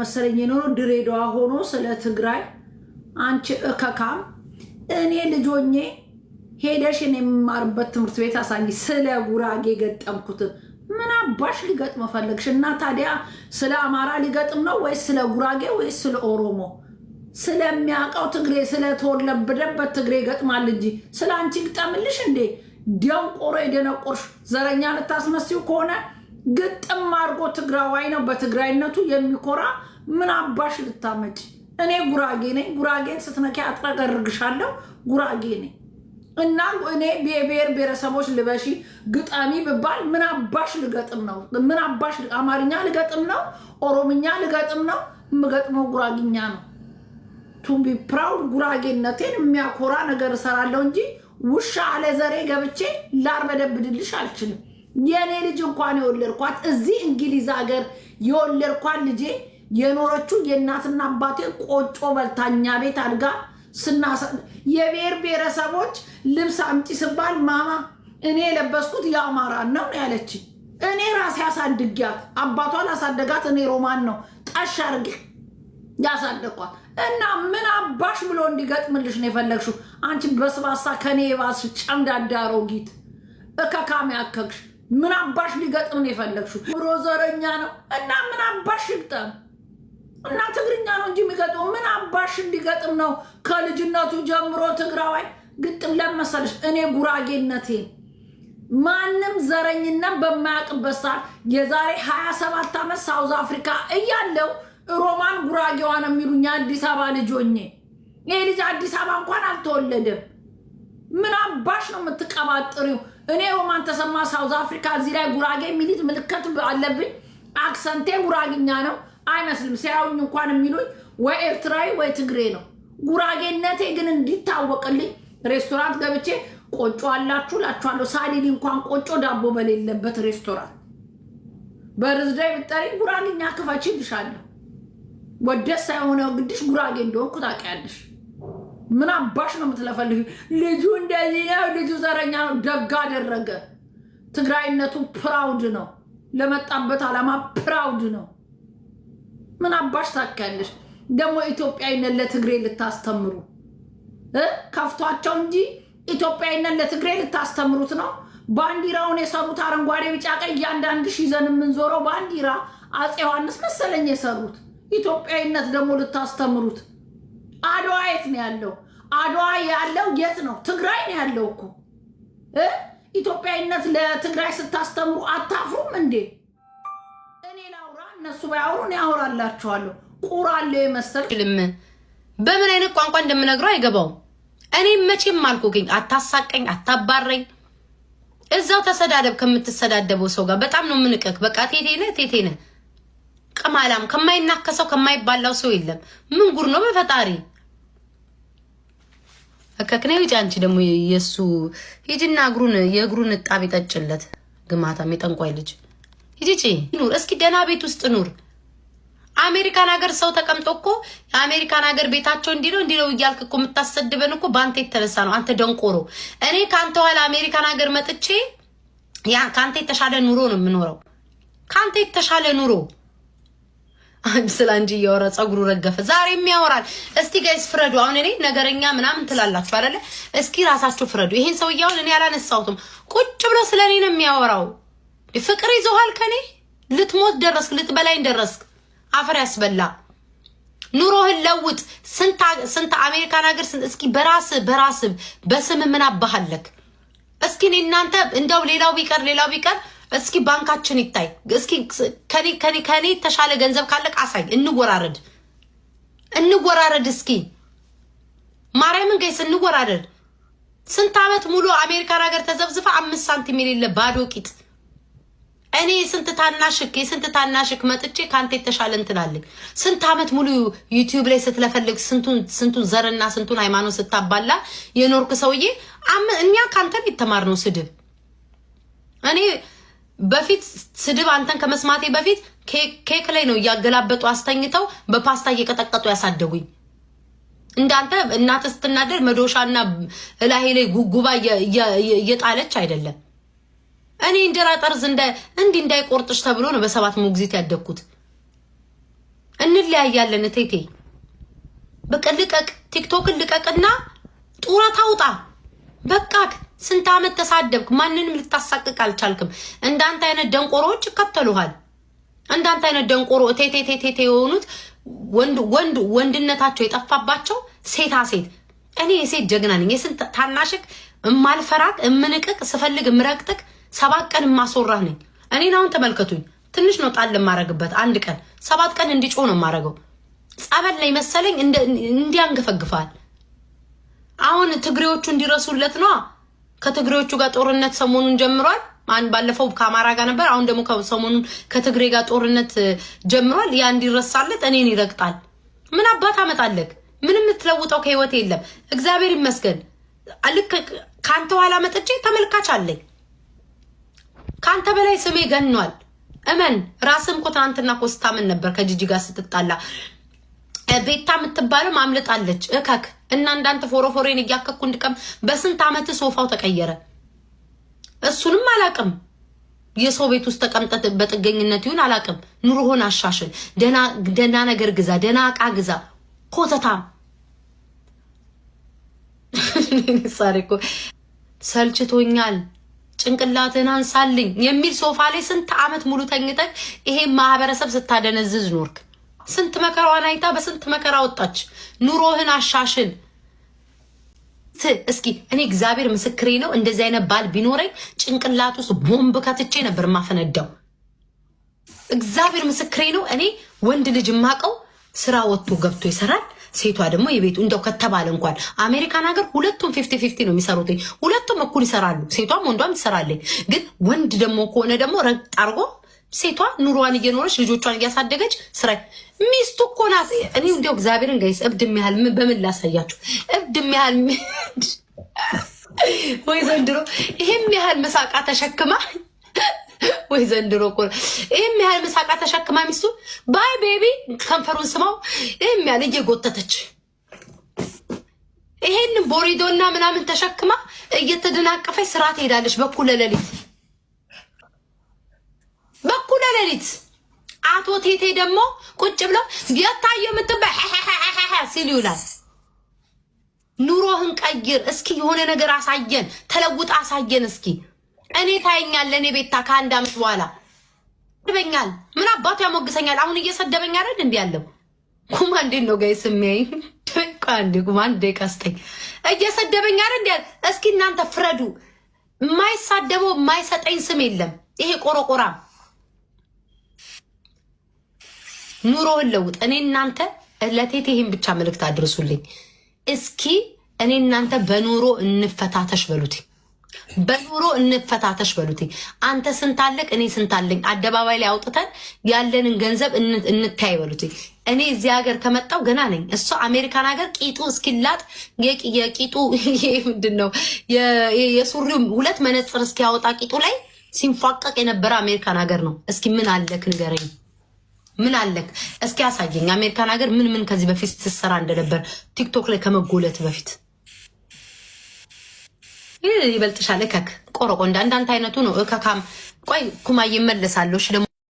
መሰለኝ የኖረው ድሬዳዋ ሆኖ ስለ ትግራይ አንቺ እከካም እኔ ልጆኜ ሄደሽ እኔ የምማርበት ትምህርት ቤት አሳኝ ስለ ጉራጌ ገጠምኩት። ምን አባሽ ሊገጥም ፈለግሽ? እና ታዲያ ስለ አማራ ሊገጥም ነው ወይስ ስለ ጉራጌ ወይስ ስለ ኦሮሞ? ስለሚያውቀው ትግሬ ስለተወለበደበት ትግሬ ይገጥማል እንጂ ስለ አንቺ ግጠምልሽ እንዴ? ደንቆሮ የደነቆርሽ ዘረኛ ልታስመስው ከሆነ ግጥም አድርጎ ትግራዋይ ነው በትግራይነቱ የሚኮራ ምን አባሽ ልታመጪ? እኔ ጉራጌ ነኝ። ጉራጌን ስትነኪ አጥረገርግሻለሁ። ጉራጌ ነኝ እና እኔ ብሔር ብሔረሰቦች ልበሺ ግጣሚ ብባል ምን አባሽ ልገጥም ነው? ምን አባሽ አማርኛ ልገጥም ነው? ኦሮምኛ ልገጥም ነው? የምገጥመው ጉራጌኛ ነው። ቱቢ ፕራውድ ጉራጌነቴን የሚያኮራ ነገር እሰራለሁ እንጂ ውሻ አለ ዘሬ ገብቼ ላርበደብድልሽ አልችልም። የእኔ ልጅ እንኳን የወለድኳት እዚህ እንግሊዝ ሀገር የወለድኳት ልጄ የኖረችው የእናትና አባቴ ቆጮ በልታኛ ቤት አድጋ ስናሰ የብሔር ብሔረሰቦች ልብስ አምጪ ስባል ማማ እኔ የለበስኩት የአማራን ነው ያለች። እኔ ራሴ አሳድጊያት አባቷን አሳደጋት። እኔ ሮማን ነው ጣሽ አድርጌ ያሳደግኳት እና ምን አባሽ ብሎ እንዲገጥምልሽ ነው የፈለግሽው? አንቺ በስባሳ ከኔ የባስ ጨምዳዳ አሮጊት እከካም ያከግሽ ምን አባሽ ሊገጥም ነው የፈለግሽው? ብሮ ዘረኛ ነው እና ምን አባሽ ይግጠም። እና ትግርኛ ነው እንጂ የሚገጥሙ ምን አባሽ እንዲገጥም ነው? ከልጅነቱ ጀምሮ ትግራዋይ ግጥም ለመሰለሽ እኔ ጉራጌነቴ ማንም ዘረኝነት በማያውቅበት ሰዓት የዛሬ 27 ዓመት ሳውዝ አፍሪካ እያለው ሮማን ጉራጌዋ ነው የሚሉኝ አዲስ አበባ ልጆኜ። ይህ ልጅ አዲስ አበባ እንኳን አልተወለደም። ምን አባሽ ነው የምትቀባጥሪው? እኔ ሮማን ተሰማ ሳውዝ አፍሪካ እዚህ ላይ ጉራጌ የሚሊት ምልክት አለብኝ። አክሰንቴ ጉራግኛ ነው። አይመስልም። ሲያዩኝ እንኳን የሚሉኝ ወይ ኤርትራዊ ወይ ትግሬ ነው። ጉራጌነቴ ግን እንዲታወቅልኝ ሬስቶራንት ገብቼ ቆጮ አላችሁ ላችኋለሁ ሳሊኒ እንኳን ቆጮ ዳቦ በሌለበት ሬስቶራንት በርዝዳይ ብጠሪ ጉራጌኛ ክፈች ይልሻለሁ። ወደስ የሆነ ግድሽ ጉራጌ እንደሆንኩ ታውቂያለሽ። ምን አባሽ ነው የምትለፈልፊ? ልጁ እንደዚህ ነው፣ ልጁ ዘረኛ ነው። ደግ አደረገ። ትግራይነቱ ፕራውድ ነው፣ ለመጣበት ዓላማ ፕራውድ ነው። ምን አባሽ ታውቂያለሽ? ደግሞ ኢትዮጵያዊነት ለትግሬ ልታስተምሩ ከፍቷቸው እንጂ ኢትዮጵያዊነት ለትግሬ ልታስተምሩት ነው። ባንዲራውን የሰሩት አረንጓዴ፣ ቢጫ፣ ቀይ እያንዳንድ ሺ ይዘን የምንዞረው ባንዲራ አፄ ዮሐንስ መሰለኝ የሰሩት። ኢትዮጵያዊነት ደግሞ ልታስተምሩት። አድዋ የት ነው ያለው? አድዋ ያለው የት ነው? ትግራይ ነው ያለው እኮ። ኢትዮጵያዊነት ለትግራይ ስታስተምሩ አታፍሩም እንዴ? እነሱ ባያወሩ እኔ አወራላችኋለሁ። ቁራለሁ መሰል ልም በምን አይነት ቋንቋ እንደምነግረው አይገባውም። እኔም መቼም አልኩኝ፣ አታሳቀኝ፣ አታባረኝ። እዛው ተሰዳደብ ከምትሰዳደበው ሰው ጋር በጣም ነው የምንቀክ። በቃ ቴቴነ ቴቴነ ቅማላም ከማይናከሰው ከማይባላው ሰው የለም። ምን ጉር ነው በፈጣሪ ከክኔ ውጭ። አንቺ ደግሞ የእሱ ሂጂና እግሩን የእግሩን እጣቢ ጠጭለት። ግማታም የጠንቋይ ልጅ ሂጂጪ ኑር እስኪ ደህና ቤት ውስጥ ኑር። አሜሪካን ሀገር ሰው ተቀምጦ እኮ የአሜሪካን ሀገር ቤታቸው እንዲ ነው እንዲ ነው እያልክ እኮ የምታሰድበን እኮ በአንተ የተነሳ ነው። አንተ ደንቆሮ። እኔ ከአንተ ኋላ አሜሪካን ሀገር መጥቼ ከአንተ የተሻለ ኑሮ ነው የምኖረው። ከአንተ የተሻለ ኑሮ ስለ እንጂ እያወራ ፀጉሩ ረገፈ። ዛሬም ያወራል። እስቲ ጋይስ ፍረዱ። አሁን እኔ ነገረኛ ምናምን ትላላችሁ አይደለ? እስኪ ራሳችሁ ፍረዱ። ይሄን ሰውዬ አሁን እኔ አላነሳሁትም። ቁጭ ብሎ ስለ እኔ ነው የሚያወራው። ፍቅር ይዞሃል ከኔ ልትሞት ደረስክ፣ ልትበላኝ ደረስክ። አፈር ያስበላ ኑሮህን ለውጥ። ስንት አሜሪካን ሀገር እስኪ በራስ በራስ በስም ምን አባሃለክ? እስኪ እኔ እናንተ እንደው ሌላው ቢቀር ሌላው ቢቀር እስኪ ባንካችን ይታይ። እስኪ ከኔ ተሻለ ገንዘብ ካለቅ አሳይ፣ እንወራረድ እንወራረድ። እስኪ ማርያምን ገይስ እንወራረድ። ስንት ዓመት ሙሉ አሜሪካን ሀገር ተዘብዝፈ አምስት ሳንቲም የሌለ ባዶ ቂጥ እኔ ስንት ታናሽክ የስንት ታናሽክ መጥቼ ከአንተ የተሻለ እንትናለኝ። ስንት ዓመት ሙሉ ዩቲዩብ ላይ ስትለፈልግ ስንቱን ዘርና ስንቱን ሃይማኖት ስታባላ የኖርክ ሰውዬ፣ እኛ ከአንተን የተማርነው ስድብ። እኔ በፊት ስድብ አንተን ከመስማቴ በፊት ኬክ ላይ ነው እያገላበጡ አስተኝተው በፓስታ እየቀጠቀጡ ያሳደጉኝ። እንዳንተ እናት ስትናደድ መዶሻና እላሄ ላይ ጉጉባ እየጣለች አይደለም እኔ እንጀራ ጠርዝ እንዲህ እንዳይቆርጥሽ ተብሎ ነው በሰባት ሞግዚት ያደግኩት። እንለያያለን እቴቴ። በቃ ልቀቅ፣ ቲክቶክን ልቀቅና ጡረታ አውጣ። በቃክ። ስንት ዓመት ተሳደብክ። ማንንም ልታሳቅቅ አልቻልክም። እንዳንተ አይነት ደንቆሮዎች ይከተሉሃል። እንዳንተ አይነት ደንቆሮ ቴቴቴቴቴ የሆኑት ወንድ ወንድ ወንድነታቸው የጠፋባቸው ሴታ ሴት። እኔ የሴት ጀግና ነኝ። የስንት ታናሽክ እማልፈራቅ እምንቅቅ ስፈልግ እምረግጥቅ ሰባት ቀን የማስወራህ ነኝ። እኔን አሁን ተመልከቱኝ። ትንሽ ነው ጣል የማረግበት አንድ ቀን ሰባት ቀን እንዲጮ ነው የማረገው። ጸበል ላይ መሰለኝ እንዲያንገፈግፋል። አሁን ትግሬዎቹ እንዲረሱለት ነው። ከትግሬዎቹ ጋር ጦርነት ሰሞኑን ጀምሯል። ባለፈው ከአማራ ጋር ነበር። አሁን ደግሞ ሰሞኑን ከትግሬ ጋር ጦርነት ጀምሯል። ያ እንዲረሳለት እኔን ይረግጣል። ምን አባት አመጣለክ? ምን የምትለውጠው ከህይወት የለም። እግዚአብሔር ይመስገን። ልክ ከአንተ ኋላ መጥቼ ተመልካች አለኝ። ከአንተ በላይ ስሜ ገኗል። እመን ራስም እኮ ትናንትና ኮስታምን ነበር ከጂጂ ጋር ስትጣላ ቤታ የምትባለው አምልጣለች። እከክ እና እንዳንተ ፎሮፎሬን እያከኩ እንድቀም በስንት ዓመት ሶፋው ተቀየረ። እሱንም አላቅም። የሰው ቤት ውስጥ ተቀምጠት በጥገኝነት ይሁን አላቅም። ኑሮህን አሻሽል። ደና ነገር ግዛ፣ ደና እቃ ግዛ። ኮተታም ሰልችቶኛል። ጭንቅላትን አንሳልኝ የሚል ሶፋ ላይ ስንት ዓመት ሙሉ ተኝተህ ይሄን ማህበረሰብ ስታደነዝዝ ኖርክ። ስንት መከራዋን አይታ በስንት መከራ ወጣች። ኑሮህን አሻሽል እስኪ። እኔ እግዚአብሔር ምስክሬ ነው፣ እንደዚህ አይነት ባል ቢኖረኝ ጭንቅላት ውስጥ ቦምብ ከትቼ ነበር ማፈነዳው። እግዚአብሔር ምስክሬ ነው። እኔ ወንድ ልጅ የማውቀው ስራ ወጥቶ ገብቶ ይሰራል ሴቷ ደግሞ የቤቱ እንደው ከተባለ እንኳን አሜሪካን ሀገር ሁለቱም ፊፍቲ ፊፍቲ ነው የሚሰሩት። ሁለቱም እኩል ይሰራሉ። ሴቷም ወንዷም ትሰራለች። ግን ወንድ ደግሞ ከሆነ ደግሞ ረግጥ አርጎ ሴቷ ኑሯን እየኖረች ልጆቿን እያሳደገች ስራ ሚስቱ እኮ ናት። እኔ እንዲያው እግዚአብሔርን ገይስ እብድ የሚያህል በምን ላሳያችሁ? እብድ የሚያህል ወይ ዘንድሮ ይህም ያህል መሳቃ ተሸክማ ወይ ዘንድሮ እኮ ይህም ያህል ምሳቃ ተሸክማ ሚስቱ ባይ ቤቢ ከንፈሩን ስማው ይህም ያህል እየጎተተች ይሄን ቦሪዶና ምናምን ተሸክማ እየተደናቀፈች ስራ ትሄዳለች። በኩለ ሌሊት በኩለ ሌሊት አቶ ቴቴ ደግሞ ቁጭ ብለው የታየው የምትባይ ሲል ይውላል። ኑሮህን ቀይር እስኪ፣ የሆነ ነገር አሳየን፣ ተለውጥ አሳየን እስኪ እኔ ታየኛለህ። ለእኔ ቤታ ከአንድ አመት በኋላ ይሰድበኛል። ምን አባቱ ያሞግሰኛል? አሁን እየሰደበኝ አይደል? እንዲ ያለው ኩማ እንዴት ነው ጋይ ስሚያይ አንዴ ኩማ አንዴ ቀስተኝ እየሰደበኝ አይደል? እንዲ እስኪ እናንተ ፍረዱ። የማይሳደበው የማይሰጠኝ ስም የለም። ይሄ ቆረቆራ ኑሮህን ለውጥ። እኔ እናንተ ለቴቴ ይህን ብቻ መልእክት አድርሱልኝ እስኪ። እኔ እናንተ በኑሮ እንፈታተሽ በሉትኝ በኑሮ እንፈታተሽ በሉት። አንተ ስንታለቅ እኔ ስንታለኝ አደባባይ ላይ አውጥተን ያለንን ገንዘብ እንታይ በሉት። እኔ እዚህ ሀገር ከመጣው ገና ነኝ። እሷ አሜሪካን ሀገር ቂጡ እስኪላጥ የቂጡ ምንድን ነው የሱሪው ሁለት መነፅር እስኪያወጣ ቂጡ ላይ ሲንፏቀቅ የነበረ አሜሪካን ሀገር ነው። እስኪ ምን አለክ ንገረኝ። ምን አለክ እስኪ ያሳየኝ። አሜሪካን ሀገር ምን ምን ከዚህ በፊት ስትሰራ እንደነበር ቲክቶክ ላይ ከመጎለት በፊት ይበልጥሻል። እከክ ቆረቆንዳ እንዳንተ አይነቱ ነው እከካም። ቆይ ኩማ ይመለሳለሽ ደግሞ